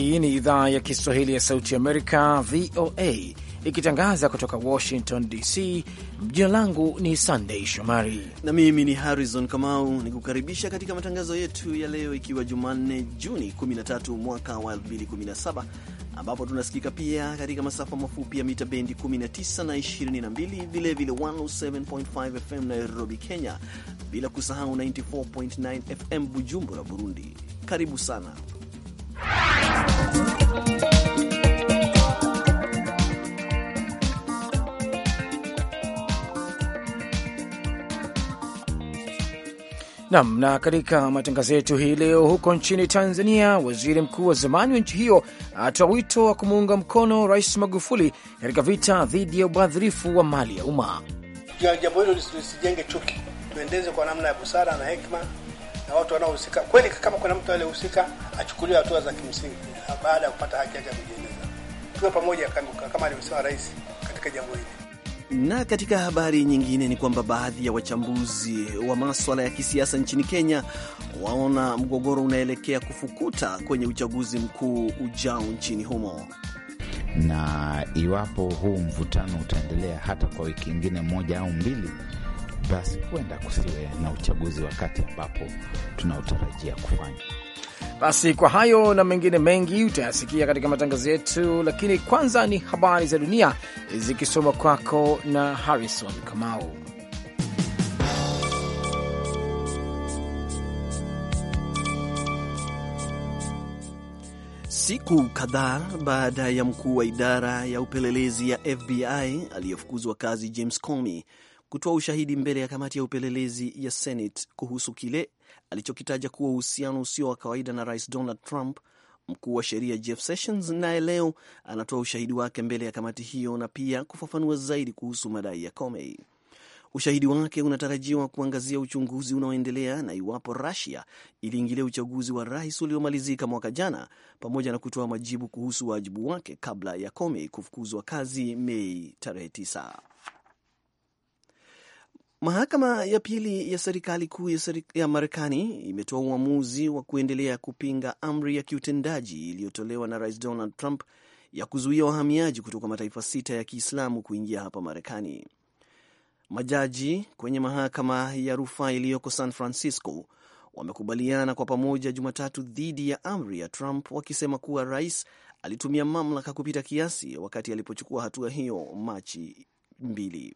Hii ni idhaa ya Kiswahili ya Sauti Amerika, VOA, ikitangaza kutoka Washington DC. Jina langu ni Sandei Shomari na mimi ni Harrison Kamau, nikukaribisha katika matangazo yetu ya leo, ikiwa Jumanne Juni 13 mwaka wa 2017 ambapo tunasikika pia katika masafa mafupi ya mita bendi 19 na 22, vilevile 107.5 FM Nairobi, Kenya, bila kusahau 94.9 FM Bujumbura, Burundi. Karibu sana Nam na, katika matangazo yetu hii leo, huko nchini Tanzania, waziri mkuu wa zamani wa nchi hiyo atoa wito wa kumuunga mkono Rais Magufuli katika vita dhidi ya ubadhirifu wa mali ya umma. Jambo hilo lisijenge chuki, tuendeze kwa namna ya busara na hekima na watu wanaohusika kweli. Kama kuna mtu aliyehusika achukuliwe hatua za kimsingi ah, baada ya kupata haki yake ya kujieleza. Tuwe pamoja kama alivyosema rais katika jambo hili. Na katika habari nyingine ni kwamba baadhi ya wachambuzi wa maswala ya kisiasa nchini Kenya waona mgogoro unaelekea kufukuta kwenye uchaguzi mkuu ujao nchini humo na iwapo huu mvutano utaendelea hata kwa wiki ingine moja au mbili, basi huenda kusiwe na uchaguzi wakati ambapo tunaotarajia kufanya. Basi kwa hayo na mengine mengi utayasikia katika matangazo yetu, lakini kwanza ni habari za dunia zikisoma kwako na Harrison Kamau. Siku kadhaa baada ya mkuu wa idara ya upelelezi ya FBI aliyefukuzwa kazi James Comey kutoa ushahidi mbele ya kamati ya upelelezi ya Senate kuhusu kile alichokitaja kuwa uhusiano usio wa kawaida na Rais Donald Trump. Mkuu wa sheria Jeff Sessions naye leo anatoa ushahidi wake mbele ya kamati hiyo na pia kufafanua zaidi kuhusu madai ya Comey. Ushahidi wake unatarajiwa kuangazia uchunguzi unaoendelea na iwapo Russia iliingilia uchaguzi wa rais uliomalizika mwaka jana, pamoja na kutoa majibu kuhusu wajibu wake kabla ya Comey kufukuzwa kazi Mei tarehe 9. Mahakama ya pili ya serikali kuu ya Marekani imetoa uamuzi wa kuendelea kupinga amri ya kiutendaji iliyotolewa na Rais Donald Trump ya kuzuia wahamiaji kutoka mataifa sita ya Kiislamu kuingia hapa Marekani. Majaji kwenye mahakama ya rufaa iliyoko San Francisco wamekubaliana kwa pamoja Jumatatu dhidi ya amri ya Trump wakisema kuwa rais alitumia mamlaka kupita kiasi wakati alipochukua hatua hiyo Machi mbili.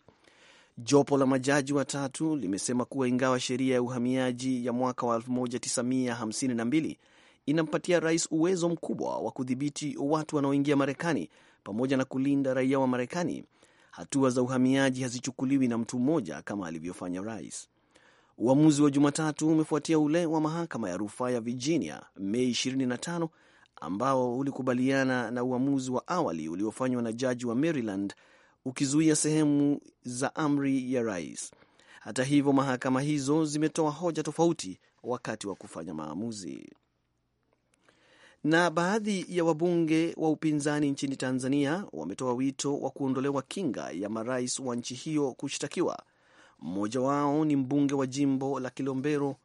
Jopo la majaji watatu limesema kuwa ingawa sheria ya uhamiaji ya mwaka wa 1952 inampatia rais uwezo mkubwa wa kudhibiti watu wanaoingia Marekani pamoja na kulinda raia wa Marekani, hatua za uhamiaji hazichukuliwi na mtu mmoja kama alivyofanya rais. Uamuzi wa Jumatatu umefuatia ule wa mahakama ya rufaa ya Virginia Mei 25 ambao ulikubaliana na uamuzi wa awali uliofanywa na jaji wa Maryland ukizuia sehemu za amri ya rais. Hata hivyo, mahakama hizo zimetoa hoja tofauti wakati wa kufanya maamuzi. Na baadhi ya wabunge wa upinzani nchini Tanzania wametoa wito wa kuondolewa kinga ya marais wa nchi hiyo kushtakiwa. Mmoja wao ni mbunge wa jimbo la Kilombero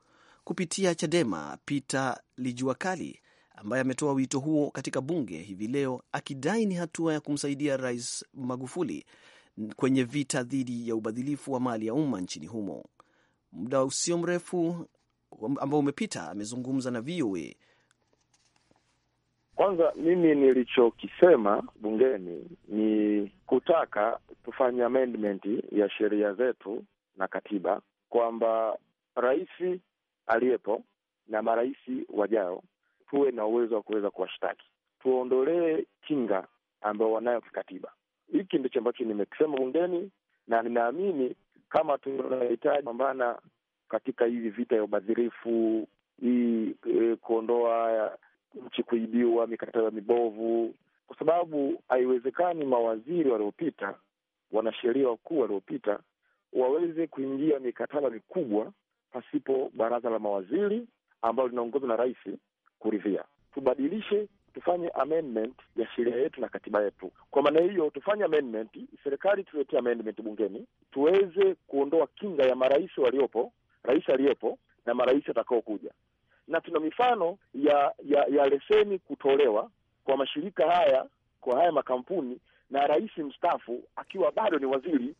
kupitia Chadema Peter Lijuakali ambaye ametoa wito huo katika bunge hivi leo akidai ni hatua ya kumsaidia Rais Magufuli kwenye vita dhidi ya ubadhilifu wa mali ya umma nchini humo. Muda usio mrefu ambao umepita, amezungumza na VOA. Kwanza mimi nilichokisema bungeni ni kutaka tufanye amendment ya sheria zetu na katiba kwamba rais aliyepo na marais wajao tuwe na uwezo wa kuweza kuwashtaki, tuondolee kinga ambayo wanayo kikatiba. Hiki ndicho ambacho nimekisema bungeni, na ninaamini kama tunahitaji pambana katika hivi vita ya ubadhirifu hii, e, kuondoa nchi kuibiwa, mikataba mibovu, kwa sababu haiwezekani mawaziri waliopita, wanasheria wakuu waliopita waweze kuingia mikataba mikubwa pasipo baraza la mawaziri ambalo linaongozwa na rais kuridhia. Tubadilishe, tufanye amendment ya sheria yetu na katiba yetu. Kwa maana hiyo, tufanye amendment, serikali tuletee amendment bungeni, tuweze kuondoa kinga ya marais waliopo, rais aliyepo na marais atakaokuja, na tuna mifano ya, ya ya leseni kutolewa kwa mashirika haya kwa haya makampuni na rais mstaafu akiwa bado ni waziri.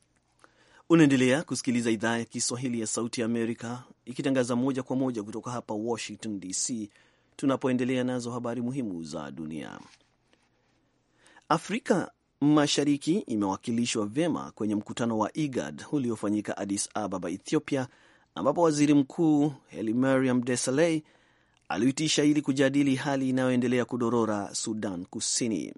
Unaendelea kusikiliza idhaa ya Kiswahili ya Sauti ya Amerika ikitangaza moja kwa moja kutoka hapa Washington DC tunapoendelea nazo habari muhimu za dunia. Afrika Mashariki imewakilishwa vyema kwenye mkutano wa IGAD uliofanyika Addis Ababa, Ethiopia, ambapo waziri mkuu Hailemariam Desalegn aliitisha ili kujadili hali inayoendelea kudorora Sudan Kusini.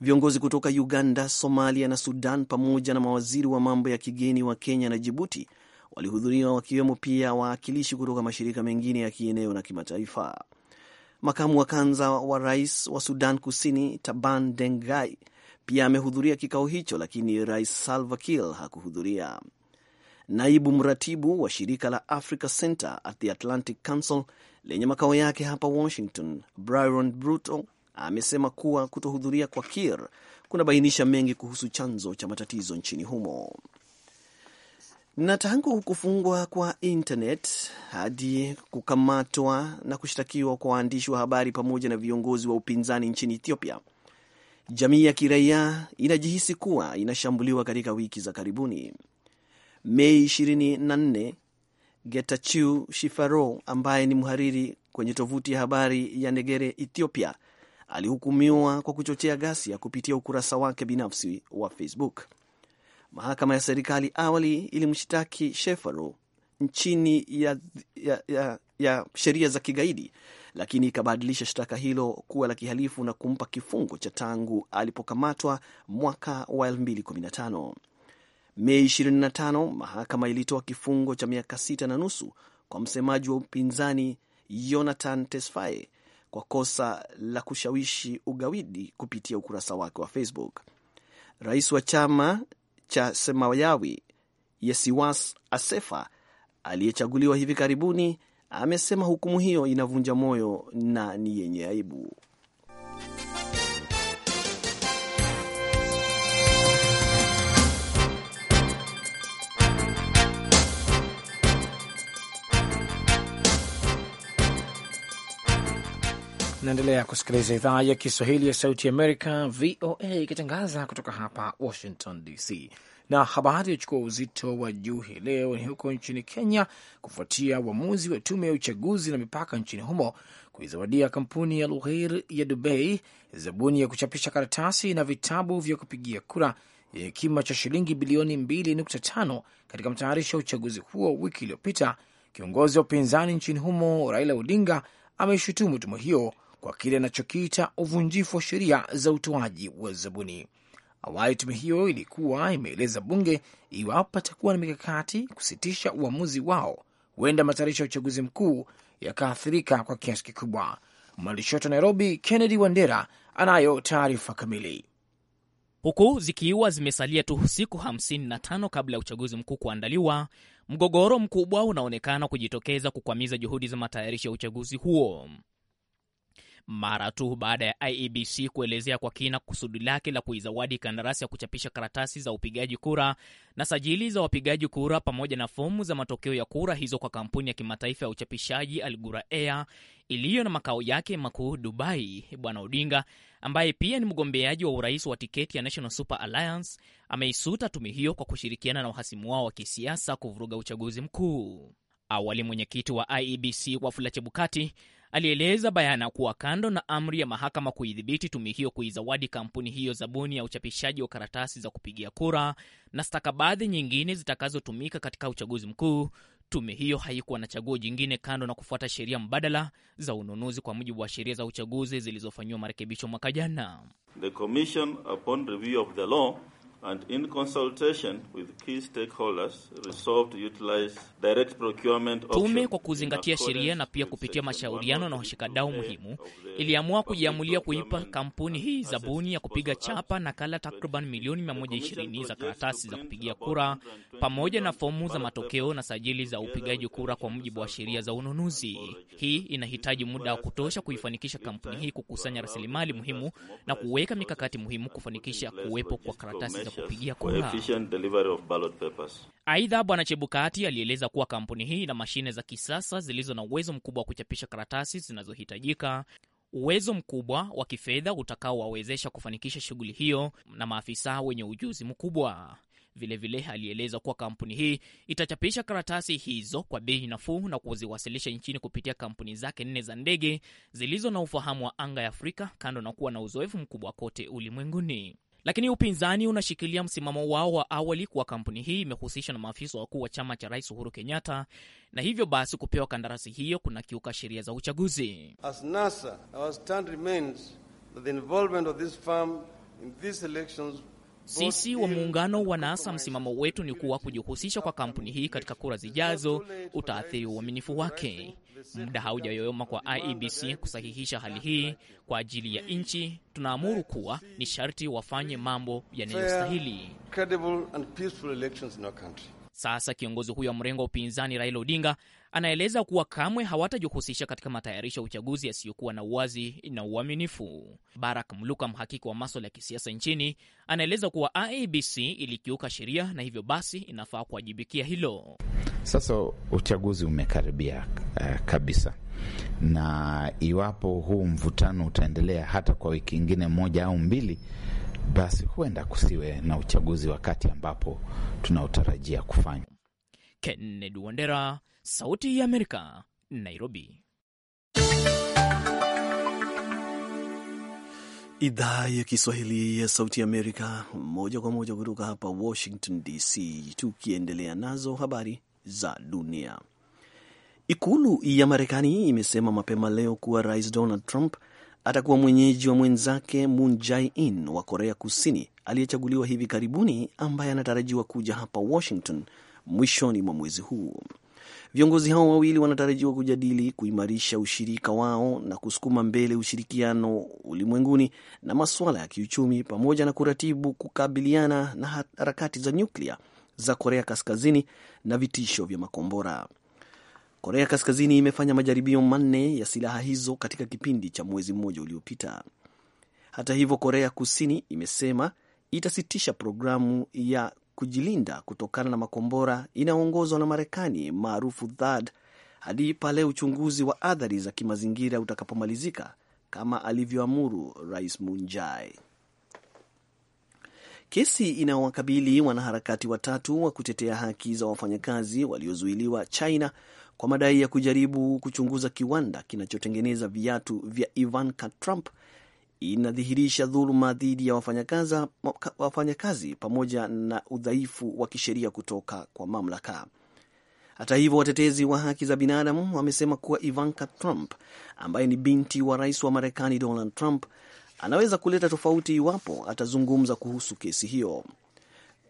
Viongozi kutoka Uganda, Somalia na Sudan pamoja na mawaziri wa mambo ya kigeni wa Kenya na Jibuti walihudhuriwa wakiwemo pia wawakilishi kutoka mashirika mengine ya kieneo na kimataifa. Makamu wa kwanza wa rais wa Sudan Kusini Taban Dengai pia amehudhuria kikao hicho, lakini rais Salva Kiir hakuhudhuria. Naibu mratibu wa shirika la Africa Center at the Atlantic Council lenye makao yake hapa Washington, Byron Bruto amesema kuwa kutohudhuria kwa Kiir kunabainisha mengi kuhusu chanzo cha matatizo nchini humo. Na tangu kufungwa kwa internet hadi kukamatwa na kushtakiwa kwa waandishi wa habari pamoja na viongozi wa upinzani nchini Ethiopia, jamii ya kiraia inajihisi kuwa inashambuliwa katika wiki za karibuni. Mei 24 Getachew Shifaro ambaye ni mhariri kwenye tovuti ya habari ya Negere Ethiopia alihukumiwa kwa kuchochea ghasia kupitia ukurasa wake binafsi wa Facebook. Mahakama ya serikali awali ilimshtaki Shefaro chini ya, ya, ya, ya sheria za kigaidi, lakini ikabadilisha shtaka hilo kuwa la kihalifu na kumpa kifungo cha tangu alipokamatwa mwaka wa 2015. Mei 25 mahakama ilitoa kifungo cha miaka sita na nusu kwa msemaji wa upinzani Jonathan Tesfaye kwa kosa la kushawishi ugawidi kupitia ukurasa wake wa Facebook. Rais wa chama cha Semayawi Yesiwas Asefa aliyechaguliwa hivi karibuni amesema hukumu hiyo inavunja moyo na ni yenye aibu. Naendelea kusikiliza idhaa ya Kiswahili ya Sauti Amerika, VOA, ikitangaza kutoka hapa Washington DC. Na habari iliyochukua uzito wa juu hii leo ni huko nchini Kenya, kufuatia uamuzi wa tume ya uchaguzi na mipaka nchini humo kuizawadia kampuni ya Lughair ya Dubai zabuni ya kuchapisha karatasi na vitabu vya kupigia kura yenye kima cha shilingi bilioni 2.5 katika mtayarisho ya uchaguzi huo. Wiki iliyopita, kiongozi wa upinzani nchini humo Raila Odinga ameishutumu tume hiyo kwa kile anachokiita uvunjifu wa sheria za utoaji wa zabuni. Awali tume hiyo ilikuwa imeeleza bunge iwapo patakuwa na mikakati kusitisha uamuzi wao, huenda matayarisho ya uchaguzi mkuu yakaathirika kwa kiasi kikubwa. Mwandishi wetu wa Nairobi, Kennedy Wandera, anayo taarifa kamili. Huku zikiwa zimesalia tu siku 55 kabla ya uchaguzi mkuu kuandaliwa, mgogoro mkubwa unaonekana kujitokeza kukwamiza juhudi za matayarisho ya uchaguzi huo mara tu baada ya IEBC kuelezea kwa kina kusudi lake la kuizawadi kandarasi ya kuchapisha karatasi za upigaji kura na sajili za wapigaji kura pamoja na fomu za matokeo ya kura hizo kwa kampuni ya kimataifa ya uchapishaji Al Ghurair Air iliyo na makao yake makuu Dubai. Bwana Odinga ambaye pia ni mgombeaji wa urais wa tiketi ya National Super Alliance ameisuta tume hiyo kwa kushirikiana na uhasimu wao wa kisiasa kuvuruga uchaguzi mkuu. Awali mwenyekiti wa IEBC Wafula Chebukati alieleza bayana kuwa kando na amri ya mahakama kuidhibiti tume hiyo kuizawadi kampuni hiyo zabuni ya uchapishaji wa karatasi za kupigia kura na stakabadhi nyingine zitakazotumika katika uchaguzi mkuu, tume hiyo haikuwa na chaguo jingine kando na kufuata sheria mbadala za ununuzi kwa mujibu wa sheria za uchaguzi zilizofanyiwa marekebisho mwaka jana and in consultation with key stakeholders resolved to utilize direct procurement option. Tume kwa kuzingatia sheria na pia kupitia mashauriano na washikadau muhimu iliamua kujiamulia kuipa kampuni hii zabuni ya kupiga chapa nakala takriban milioni 120 za karatasi za kupigia kura pamoja na fomu za matokeo na sajili za upigaji kura kwa mujibu wa sheria za ununuzi. Hii inahitaji muda wa kutosha kuifanikisha kampuni hii kukusanya rasilimali muhimu na kuweka mikakati muhimu kufanikisha kuwepo kwa karatasi za kupigia kura. Aidha, Bwana Chebukati alieleza kuwa kampuni hii ina mashine za kisasa zilizo na uwezo mkubwa wa kuchapisha karatasi zinazohitajika, uwezo mkubwa wa kifedha utakaowawezesha kufanikisha shughuli hiyo na maafisa wenye ujuzi mkubwa. Vilevile alieleza kuwa kampuni hii itachapisha karatasi hizo kwa bei nafuu na kuziwasilisha nchini kupitia kampuni zake nne za ndege zilizo na ufahamu wa anga ya Afrika, kando na kuwa na uzoefu mkubwa kote ulimwenguni. Lakini upinzani unashikilia msimamo wao wa awali kuwa kampuni hii imehusishwa na maafisa wakuu wa chama cha Rais Uhuru Kenyatta na hivyo basi kupewa kandarasi hiyo kuna kiuka sheria za uchaguzi. As NASA, our stand remains that the involvement of this firm in these elections sisi wa muungano wa NASA, msimamo wetu ni kuwa kujihusisha kwa kampuni hii katika kura zijazo utaathiri uaminifu wake. Muda haujayoyoma kwa IEBC kusahihisha hali hii kwa ajili ya nchi. Tunaamuru kuwa ni sharti wafanye mambo yanayostahili. Sasa kiongozi huyo wa mrengo wa upinzani Raila Odinga anaeleza kuwa kamwe hawatajihusisha katika matayarisho ya uchaguzi yasiyokuwa na uwazi na uaminifu. Barak Mluka, mhakiki wa maswala ya kisiasa nchini, anaeleza kuwa IEBC ilikiuka sheria na hivyo basi inafaa kuwajibikia hilo. Sasa uchaguzi umekaribia uh, kabisa, na iwapo huu mvutano utaendelea hata kwa wiki ingine moja au mbili basi huenda kusiwe na uchaguzi wakati ambapo tunaotarajia kufanya. Kennedy Wandera, Sauti ya Amerika, Nairobi. Idhaa ya Kiswahili ya Sauti ya Amerika, moja kwa moja kutoka hapa Washington DC, tukiendelea nazo habari za dunia. Ikulu ya Marekani imesema mapema leo kuwa Rais Donald Trump atakuwa mwenyeji wa mwenzake Moon Jae-in wa Korea Kusini aliyechaguliwa hivi karibuni, ambaye anatarajiwa kuja hapa Washington mwishoni mwa mwezi huu. Viongozi hao wawili wanatarajiwa kujadili kuimarisha ushirika wao na kusukuma mbele ushirikiano ulimwenguni na masuala ya kiuchumi pamoja na kuratibu kukabiliana na harakati za nyuklia za Korea Kaskazini na vitisho vya makombora. Korea Kaskazini imefanya majaribio manne ya silaha hizo katika kipindi cha mwezi mmoja uliopita. Hata hivyo, Korea Kusini imesema itasitisha programu ya kujilinda kutokana na makombora inayoongozwa na Marekani maarufu THAAD hadi pale uchunguzi wa athari za kimazingira utakapomalizika kama alivyoamuru Rais munjai Kesi inayowakabili wanaharakati watatu wa kutetea haki za wafanyakazi waliozuiliwa China kwa madai ya kujaribu kuchunguza kiwanda kinachotengeneza viatu vya Ivanka Trump inadhihirisha dhuluma dhidi ya wafanyakazi pamoja na udhaifu wa kisheria kutoka kwa mamlaka. Hata hivyo, watetezi wa haki za binadamu wamesema kuwa Ivanka Trump ambaye ni binti wa rais wa Marekani Donald Trump anaweza kuleta tofauti iwapo atazungumza kuhusu kesi hiyo.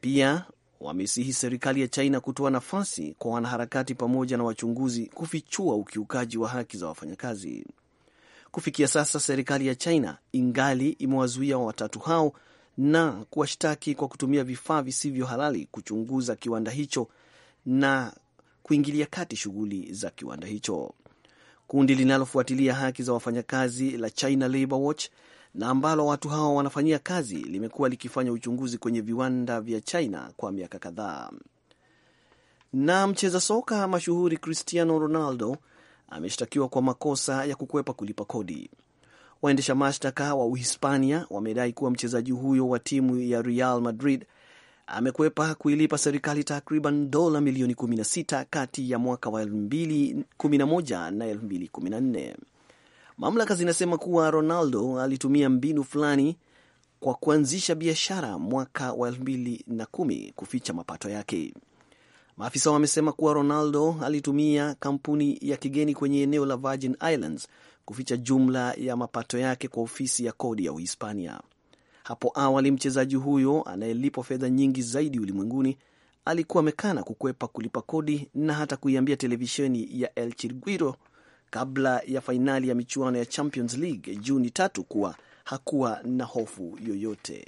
Pia wamesihi serikali ya China kutoa nafasi kwa wanaharakati pamoja na wachunguzi kufichua ukiukaji wa haki za wafanyakazi. Kufikia sasa serikali ya China ingali imewazuia watatu hao na kuwashtaki kwa kutumia vifaa visivyo halali kuchunguza kiwanda hicho na kuingilia kati shughuli za kiwanda hicho. Kundi linalofuatilia haki za wafanyakazi la China Labor Watch na ambalo watu hao wanafanyia kazi limekuwa likifanya uchunguzi kwenye viwanda vya China kwa miaka kadhaa. Na mcheza soka mashuhuri Cristiano Ronaldo ameshtakiwa kwa makosa ya kukwepa kulipa kodi. Waendesha mashtaka wa Uhispania wamedai kuwa mchezaji huyo wa timu ya Real Madrid amekwepa kuilipa serikali takriban dola milioni 16 kati ya mwaka wa 2011 na 2014. Mamlaka zinasema kuwa Ronaldo alitumia mbinu fulani kwa kuanzisha biashara mwaka wa 2010 kuficha mapato yake. Maafisa wamesema kuwa Ronaldo alitumia kampuni ya kigeni kwenye eneo la Virgin Islands kuficha jumla ya mapato yake kwa ofisi ya kodi ya Uhispania. Hapo awali mchezaji huyo anayelipwa fedha nyingi zaidi ulimwenguni alikuwa amekana kukwepa kulipa kodi na hata kuiambia televisheni ya El Chirguiro kabla ya fainali ya michuano ya Champions League Juni tatu kuwa hakuwa na hofu yoyote.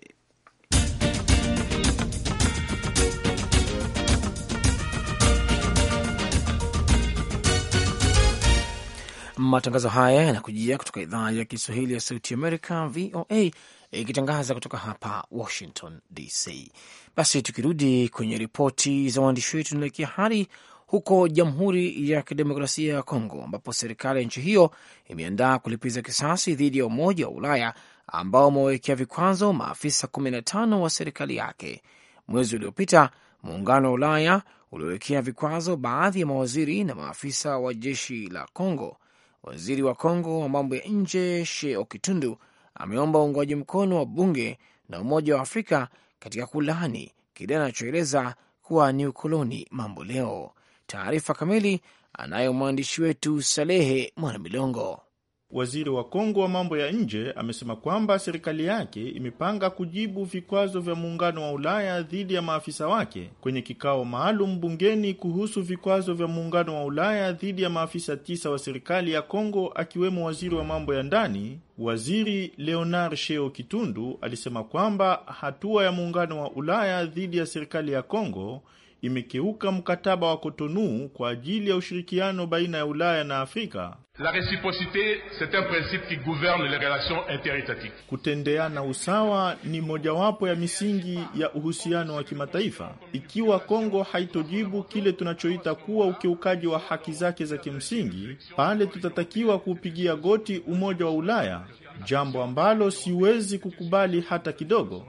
Matangazo haya yanakujia kutoka idhaa ya Kiswahili ya Sauti Amerika, VOA, ikitangaza kutoka hapa Washington DC. Basi tukirudi kwenye ripoti za waandishi wetu, tunaelekea hadi huko Jamhuri ya Kidemokrasia ya Kongo, ambapo serikali ya nchi hiyo imeandaa kulipiza kisasi dhidi ya Umoja wa Ulaya ambao umewawekea vikwazo maafisa 15 wa serikali yake. Mwezi uliopita Muungano wa Ulaya uliowekea vikwazo baadhi ya mawaziri na maafisa wa jeshi la Kongo Waziri wa Kongo wa mambo ya nje She Okitundu ameomba uungwaji mkono wa bunge na Umoja wa Afrika katika kulaani kile anachoeleza kuwa ni ukoloni mambo leo. Taarifa kamili anayo mwandishi wetu Salehe Mwanamilongo. Waziri wa Kongo wa mambo ya nje amesema kwamba serikali yake imepanga kujibu vikwazo vya muungano wa Ulaya dhidi ya maafisa wake kwenye kikao maalum bungeni kuhusu vikwazo vya muungano wa Ulaya dhidi ya maafisa tisa wa serikali ya Kongo, akiwemo waziri wa mambo ya ndani. Waziri Leonard Sheo Kitundu alisema kwamba hatua ya muungano wa Ulaya dhidi ya serikali ya Kongo imekiuka mkataba wa Kotonou kwa ajili ya ushirikiano baina ya Ulaya na Afrika. La reciprocite c'est un principe qui gouverne les relations interétatiques. Kutendeana usawa ni mojawapo ya misingi ya uhusiano wa kimataifa. Ikiwa Kongo haitojibu kile tunachoita kuwa ukiukaji wa haki zake za kimsingi, pale tutatakiwa kuupigia goti Umoja wa Ulaya, jambo ambalo siwezi kukubali hata kidogo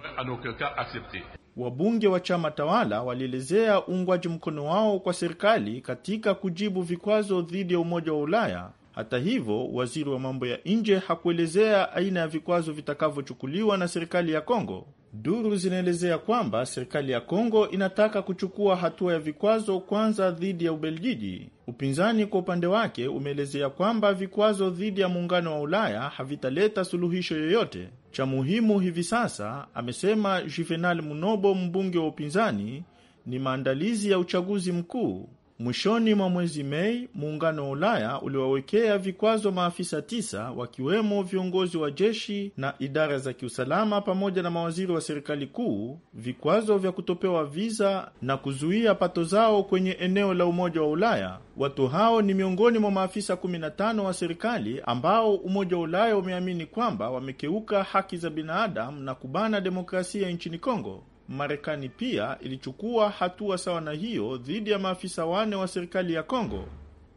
wabunge wa chama tawala walielezea uungwaji mkono wao kwa serikali katika kujibu vikwazo dhidi ya Umoja wa Ulaya. Hata hivyo, waziri wa mambo ya nje hakuelezea aina ya vikwazo vitakavyochukuliwa na serikali ya Kongo. Duru zinaelezea kwamba serikali ya Kongo inataka kuchukua hatua ya vikwazo kwanza dhidi ya Ubeljiji. Upinzani kwa upande wake umeelezea kwamba vikwazo dhidi ya muungano wa Ulaya havitaleta suluhisho yoyote cha muhimu hivi sasa, amesema Juvenal Munobo, mbunge wa upinzani, ni maandalizi ya uchaguzi mkuu Mwishoni mwa mwezi Mei, muungano wa Ulaya uliwawekea vikwazo maafisa tisa wakiwemo viongozi wa jeshi na idara za kiusalama pamoja na mawaziri wa serikali kuu, vikwazo vya kutopewa viza na kuzuia pato zao kwenye eneo la Umoja wa Ulaya. Watu hao ni miongoni mwa maafisa 15 wa serikali ambao Umoja wa Ulaya umeamini kwamba wamekeuka haki za binadamu na kubana demokrasia nchini Kongo. Marekani pia ilichukua hatua sawa na hiyo dhidi ya maafisa wane wa serikali ya Kongo.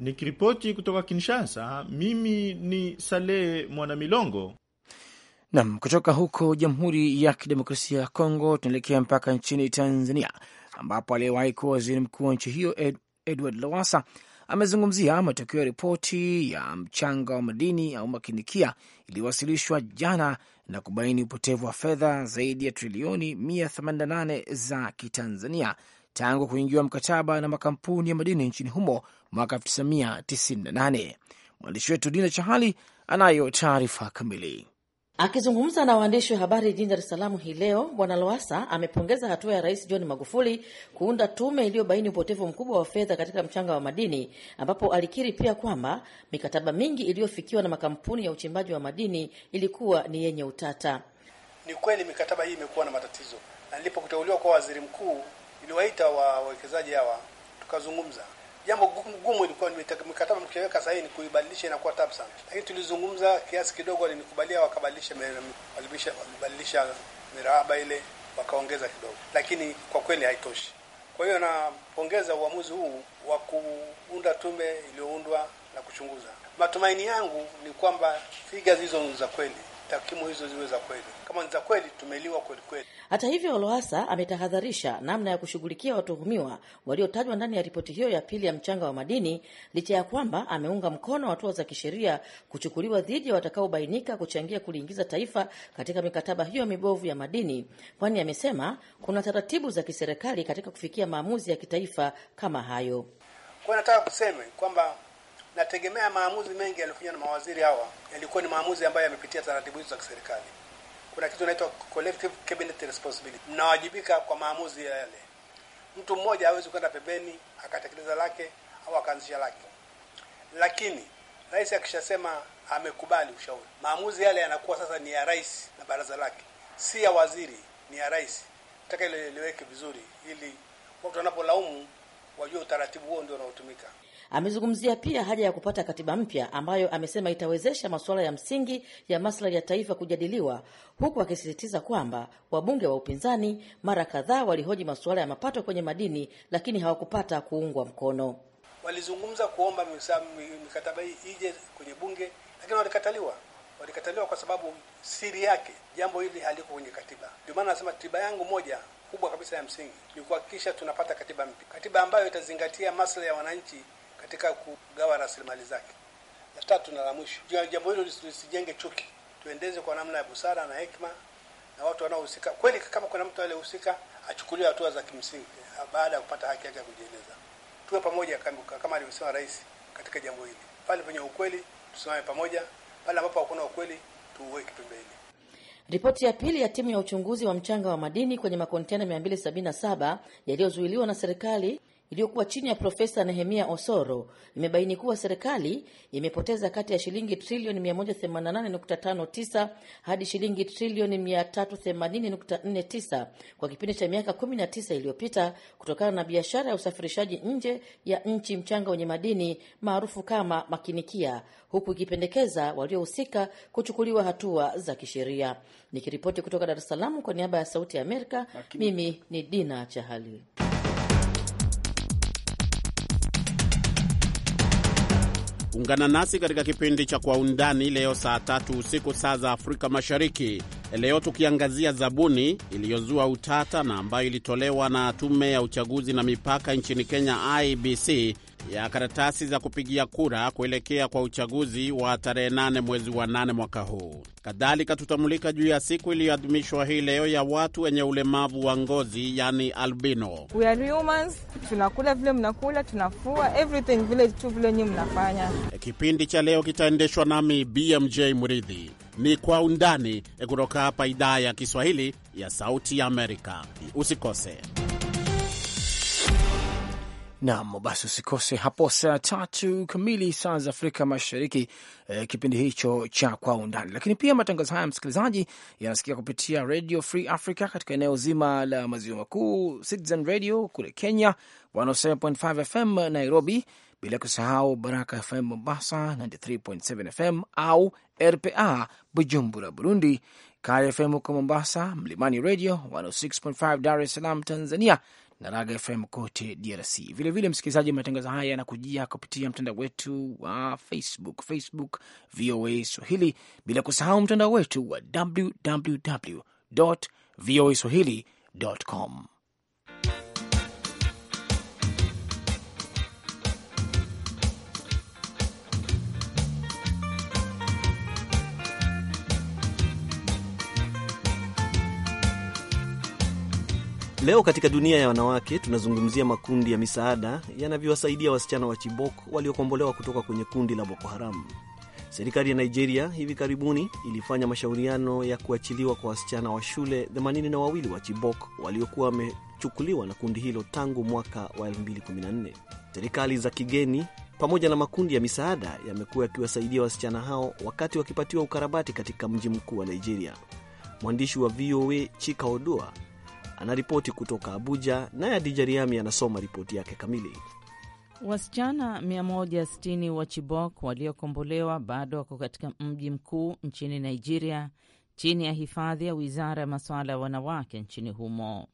Nikiripoti kutoka Kinshasa, mimi ni salehe Mwanamilongo. Nam, kutoka huko Jamhuri ya Kidemokrasia ya Kongo tunaelekea mpaka nchini Tanzania, ambapo aliyewahi kuwa waziri mkuu wa nchi hiyo Ed, Edward Lowasa amezungumzia matokeo ya ripoti ya mchanga wa madini au makinikia iliyowasilishwa jana na kubaini upotevu wa fedha zaidi ya trilioni 188 za Kitanzania tangu kuingiwa mkataba na makampuni ya madini nchini humo mwaka 1998. Mwandishi wetu Dina Chahali anayo taarifa kamili. Akizungumza na waandishi wa habari jijini Dar es Salaam hii leo, Bwana loasa amepongeza hatua ya Rais John Magufuli kuunda tume iliyobaini upotevu mkubwa wa fedha katika mchanga wa madini, ambapo alikiri pia kwamba mikataba mingi iliyofikiwa na makampuni ya uchimbaji wa madini ilikuwa ni yenye utata. Ni kweli mikataba hii imekuwa na matatizo, na nilipokuteuliwa kwa waziri mkuu niliwaita wawekezaji hawa tukazungumza jambo gumu ilikuwa mikataba mkiweka sahihi ni kuibadilisha, inakuwa tabu sana, lakini tulizungumza kiasi kidogo, walinikubalia, wakabadilisha walibadilisha mirahaba ile wakaongeza kidogo, lakini kwa kweli haitoshi. Kwa hiyo napongeza uamuzi huu wa kuunda tume iliyoundwa na kuchunguza. Matumaini yangu ni kwamba figa hizo za kweli takwimu hizo ziwe za kweli. Kama ni za kweli, tumeliwa kweli kweli. Hata hivyo, Loasa ametahadharisha namna ya kushughulikia watuhumiwa waliotajwa ndani ya ripoti hiyo ya pili ya mchanga wa madini, licha ya kwamba ameunga mkono hatua za kisheria kuchukuliwa dhidi ya watakaobainika kuchangia kuliingiza taifa katika mikataba hiyo mibovu ya madini, kwani amesema kuna taratibu za kiserikali katika kufikia maamuzi ya kitaifa kama hayo. Kwa nataka kuseme kwamba nategemea maamuzi mengi yaliyofanywa na mawaziri hawa yalikuwa ni maamuzi ambayo yamepitia taratibu hizo za kiserikali. Kuna kitu inaitwa collective cabinet responsibility, mnawajibika kwa maamuzi ya yale. Mtu mmoja hawezi kwenda pembeni akatekeleza lake au akaanzisha lake, lakini rais akishasema amekubali ushauri, maamuzi yale yanakuwa sasa ni ya rais na baraza lake, si ya waziri, ni ya rais. Nataka ile vizuri, ili watu wanapolaumu wajue utaratibu huo ndio unaotumika. Amezungumzia pia haja ya kupata katiba mpya ambayo amesema itawezesha masuala ya msingi ya maslahi ya taifa kujadiliwa, huku akisisitiza kwamba wabunge wa upinzani mara kadhaa walihoji masuala ya mapato kwenye madini, lakini hawakupata kuungwa mkono. Walizungumza kuomba mikataba hii ije kwenye bunge, lakini walikataliwa walikataliwa kwa sababu siri yake jambo hili haliko kwenye katiba. Ndio maana anasema tiba yangu moja kubwa kabisa ya msingi ni kuhakikisha tunapata katiba mpya, katiba ambayo itazingatia maslahi ya wananchi katika kugawa rasilimali zake. La tatu na la mwisho, jambo hilo lisijenge chuki, tuendeze kwa namna ya busara na hekima, na watu wanaohusika kweli, kama kuna mtu aliyehusika achukuliwe hatua za kimsingi eh, baada ya kupata haki yake ya kujieleza. Tuwe pamoja kama alivyosema Rais katika jambo hili, pale penye ukweli tusimame pamoja, pale ambapo hakuna ukweli tuuweke pembeni. Ripoti ya pili ya timu ya uchunguzi wa mchanga wa madini kwenye makontena 277 yaliyozuiliwa na serikali iliyokuwa chini ya Profesa Nehemia Osoro imebaini kuwa serikali imepoteza kati ya shilingi trilioni 188.59 hadi shilingi trilioni 380.49 kwa kipindi cha miaka 19 iliyopita kutokana na biashara ya usafirishaji nje ya nchi mchanga wenye madini maarufu kama makinikia, huku ikipendekeza waliohusika kuchukuliwa hatua za kisheria. Nikiripoti kutoka Dar es Salaam kwa niaba ya Sauti ya Amerika, mimi ni Dina Chahali. Ungana nasi katika kipindi cha Kwa Undani leo saa tatu usiku saa za Afrika Mashariki. Leo tukiangazia zabuni iliyozua utata na ambayo ilitolewa na tume ya uchaguzi na mipaka nchini Kenya, IBC, ya karatasi za kupigia kura kuelekea kwa uchaguzi wa tarehe 8 mwezi wa 8 mwaka huu. Kadhalika tutamulika juu ya siku iliyoadhimishwa hii leo ya watu wenye ulemavu wa ngozi, yani albino. We are humans, tunakula vile mnakula, tunafua everything vile tu vile nyi mnafanya. Kipindi cha leo kitaendeshwa nami BMJ Mridhi. Ni kwa undani kutoka hapa idhaa ya Kiswahili ya Sauti ya Amerika. Usikose. Nam basi, usikose hapo saa tatu kamili saa za Afrika Mashariki eh, kipindi hicho cha Kwa Undani. Lakini pia matangazo haya msikilizaji, yanasikia kupitia Radio Free Africa katika eneo zima la maziwa makuu, Citizen Radio kule Kenya 107.5 FM Nairobi, bila kusahau Baraka FM Mombasa 93.7 FM au RPA Bujumbura Burundi Kaya FM huko Mombasa, Mlimani Radio 106.5 Dar es Salaam Tanzania na Raga FM kote DRC. Vilevile msikilizaji, matangazo haya yanakujia kupitia mtandao wetu wa Facebook, Facebook VOA Swahili, bila kusahau mtandao wetu wa www voa swahili com. Leo katika dunia ya wanawake tunazungumzia makundi ya misaada yanavyowasaidia wasichana wa Chibok waliokombolewa kutoka kwenye kundi la Boko Haram. Serikali ya Nigeria hivi karibuni ilifanya mashauriano ya kuachiliwa kwa wasichana wa shule 82 wa Chibok waliokuwa wamechukuliwa na kundi hilo tangu mwaka wa 2014. Serikali za kigeni pamoja na makundi ya misaada yamekuwa yakiwasaidia wasichana hao wakati wakipatiwa ukarabati katika mji mkuu wa Nigeria. Mwandishi wa VOA Chika Odua anaripoti kutoka Abuja, naye Adija Riami anasoma ripoti yake kamili. Wasichana 160 wa Chibok waliokombolewa bado wako katika mji mkuu nchini Nigeria, chini ya hifadhi ya wizara ya masuala ya wanawake nchini humo.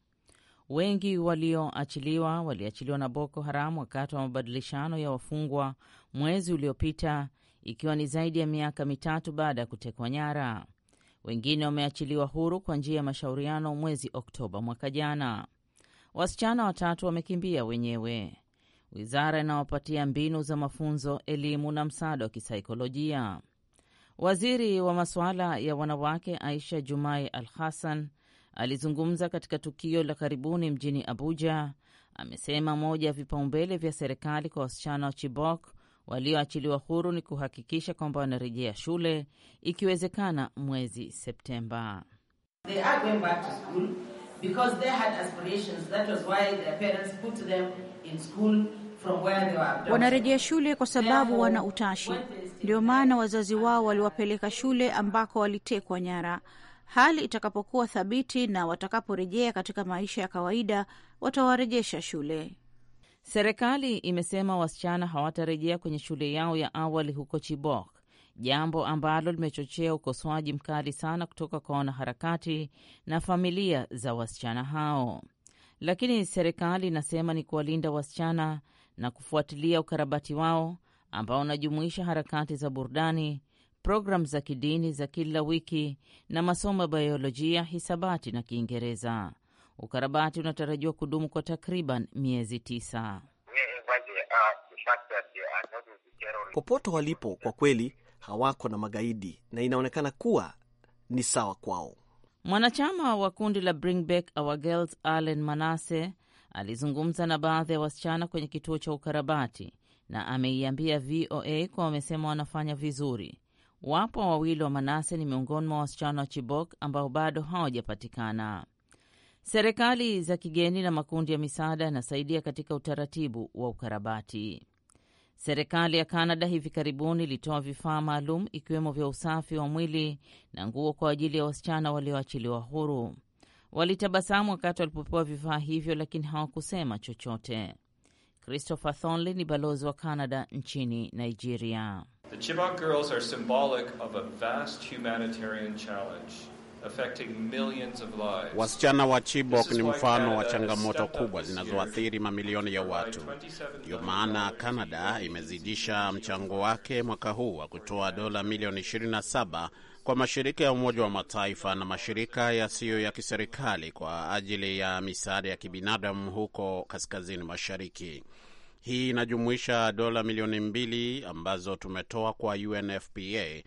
Wengi walioachiliwa waliachiliwa na Boko Haram wakati wa mabadilishano ya wafungwa mwezi uliopita, ikiwa ni zaidi ya miaka mitatu baada ya kutekwa nyara. Wengine wameachiliwa huru kwa njia ya mashauriano mwezi Oktoba mwaka jana. Wasichana watatu wamekimbia wenyewe. Wizara inawapatia mbinu za mafunzo, elimu na msaada wa kisaikolojia. Waziri wa masuala ya wanawake Aisha Jumai Al Hassan alizungumza katika tukio la karibuni mjini Abuja. Amesema moja ya vipaumbele vya serikali kwa wasichana wa Chibok Walioachiliwa huru ni kuhakikisha kwamba wanarejea shule ikiwezekana mwezi Septemba. Wanarejea shule kwa sababu wana utashi, ndio maana wazazi wao waliwapeleka shule ambako walitekwa nyara. Hali itakapokuwa thabiti na watakaporejea katika maisha ya kawaida, watawarejesha shule. Serikali imesema wasichana hawatarejea kwenye shule yao ya awali huko Chibok, jambo ambalo limechochea ukosoaji mkali sana kutoka kwa wanaharakati na familia za wasichana hao. Lakini serikali inasema ni kuwalinda wasichana na kufuatilia ukarabati wao ambao unajumuisha harakati za burudani, programu za kidini za kila wiki na masomo ya biolojia, hisabati na Kiingereza. Ukarabati unatarajiwa kudumu kwa takriban miezi tisa. Popote walipo, kwa kweli hawako na magaidi na inaonekana kuwa ni sawa kwao. Mwanachama wa kundi la Bring Back Our Girls Allen Manase alizungumza na baadhi ya wasichana kwenye kituo cha ukarabati na ameiambia VOA kuwa wamesema wanafanya vizuri. Wapo wawili wa Manase ni miongoni mwa wasichana wa Chibok ambao bado hawajapatikana. Serikali za kigeni na makundi ya misaada yanasaidia katika utaratibu wa ukarabati. Serikali ya Kanada hivi karibuni ilitoa vifaa maalum ikiwemo vya usafi wa mwili na nguo kwa ajili ya wasichana walioachiliwa huru. Walitabasamu wakati walipopewa vifaa hivyo, lakini hawakusema chochote. Christopher thonly ni balozi wa Kanada nchini Nigeria. The Chibok girls are symbolic of a vast humanitarian challenge. Wasichana wa Chibok ni mfano wa changamoto kubwa zinazoathiri mamilioni ya watu. Ndiyo maana Canada imezidisha mchango wake mwaka huu wa kutoa dola milioni 27 kwa mashirika ya Umoja wa Mataifa na mashirika yasiyo ya kiserikali kwa ajili ya misaada ya kibinadamu huko kaskazini mashariki. Hii inajumuisha dola milioni mbili ambazo tumetoa kwa UNFPA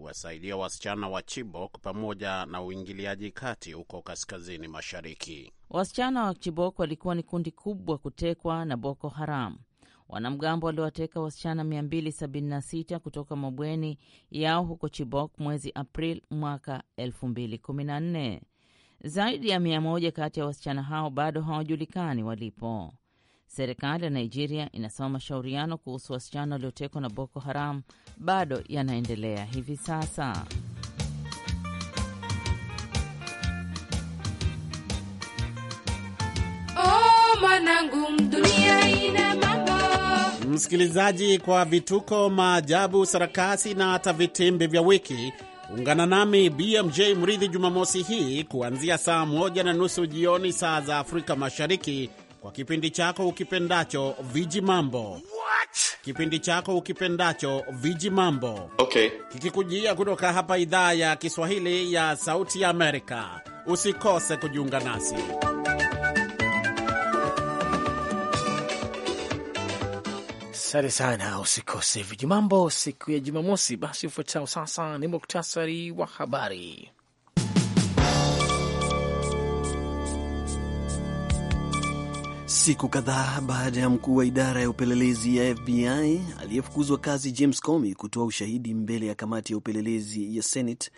kuwasaidia wasichana wa Chibok pamoja na uingiliaji kati huko kaskazini mashariki. Wasichana wa Chibok walikuwa ni kundi kubwa kutekwa na Boko Haram. Wanamgambo waliwateka wasichana 276 kutoka mabweni yao huko Chibok mwezi april mwaka 2014. Zaidi ya 100 kati ya wasichana hao bado hawajulikani walipo. Serikali ya Nigeria inasema mashauriano kuhusu wasichana waliotekwa na Boko Haram bado yanaendelea hivi sasa. Oh, Msikilizaji, kwa vituko, maajabu, sarakasi na hata vitimbi vya wiki Ungana nami BMJ Mridhi Jumamosi hii kuanzia saa moja na nusu jioni saa za Afrika Mashariki kwa kipindi chako ukipendacho viji mambo. Kipindi chako ukipendacho viji mambo. Okay. Kikikujia kutoka hapa idhaa ya Kiswahili ya Sauti ya Amerika. Usikose kujiunga nasi. Asante sana, usikose vijimambo siku ya Jumamosi. Basi ufuatao sasa ni muktasari wa habari. Siku kadhaa baada ya mkuu wa idara ya upelelezi ya FBI aliyefukuzwa kazi James Comey kutoa ushahidi mbele ya kamati ya upelelezi ya Senate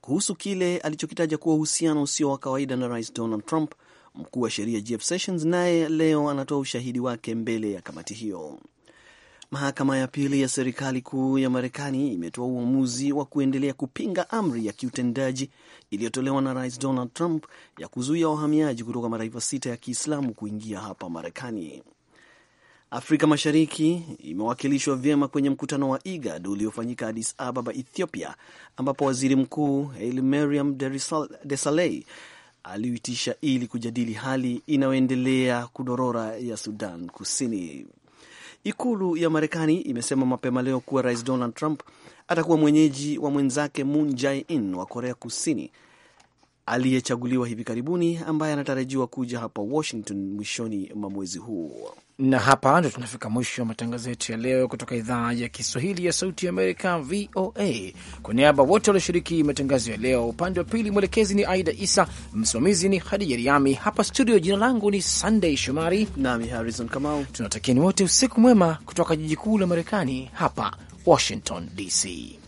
kuhusu kile alichokitaja kuwa uhusiano usio wa kawaida na Rais Donald Trump, mkuu wa sheria Jeff Sessions naye leo anatoa ushahidi wake mbele ya kamati hiyo. Mahakama ya pili ya serikali kuu ya Marekani imetoa uamuzi wa kuendelea kupinga amri ya kiutendaji iliyotolewa na Rais Donald Trump ya kuzuia wahamiaji kutoka mataifa sita ya Kiislamu kuingia hapa Marekani. Afrika Mashariki imewakilishwa vyema kwenye mkutano wa IGAD uliofanyika Addis Ababa, Ethiopia, ambapo waziri mkuu Hailemariam Desalegn aliitisha ili kujadili hali inayoendelea kudorora ya Sudan Kusini. Ikulu ya Marekani imesema mapema leo kuwa Rais Donald Trump atakuwa mwenyeji wa mwenzake Moon Jae-in wa Korea Kusini aliyechaguliwa hivi karibuni ambaye anatarajiwa kuja hapa Washington mwishoni mwa mwezi huu na hapa ndo tunafika mwisho wa matangazo yetu ya leo kutoka idhaa ya Kiswahili ya Sauti ya Amerika, VOA. Kwa niaba wote walioshiriki matangazo ya leo, upande wa pili mwelekezi ni Aida Isa, msimamizi ni Hadija Riami. Hapa studio, jina langu ni sandey Shomari nami Harrison Kamau. Tunatakieni wote usiku mwema kutoka jiji kuu la Marekani, hapa Washington DC.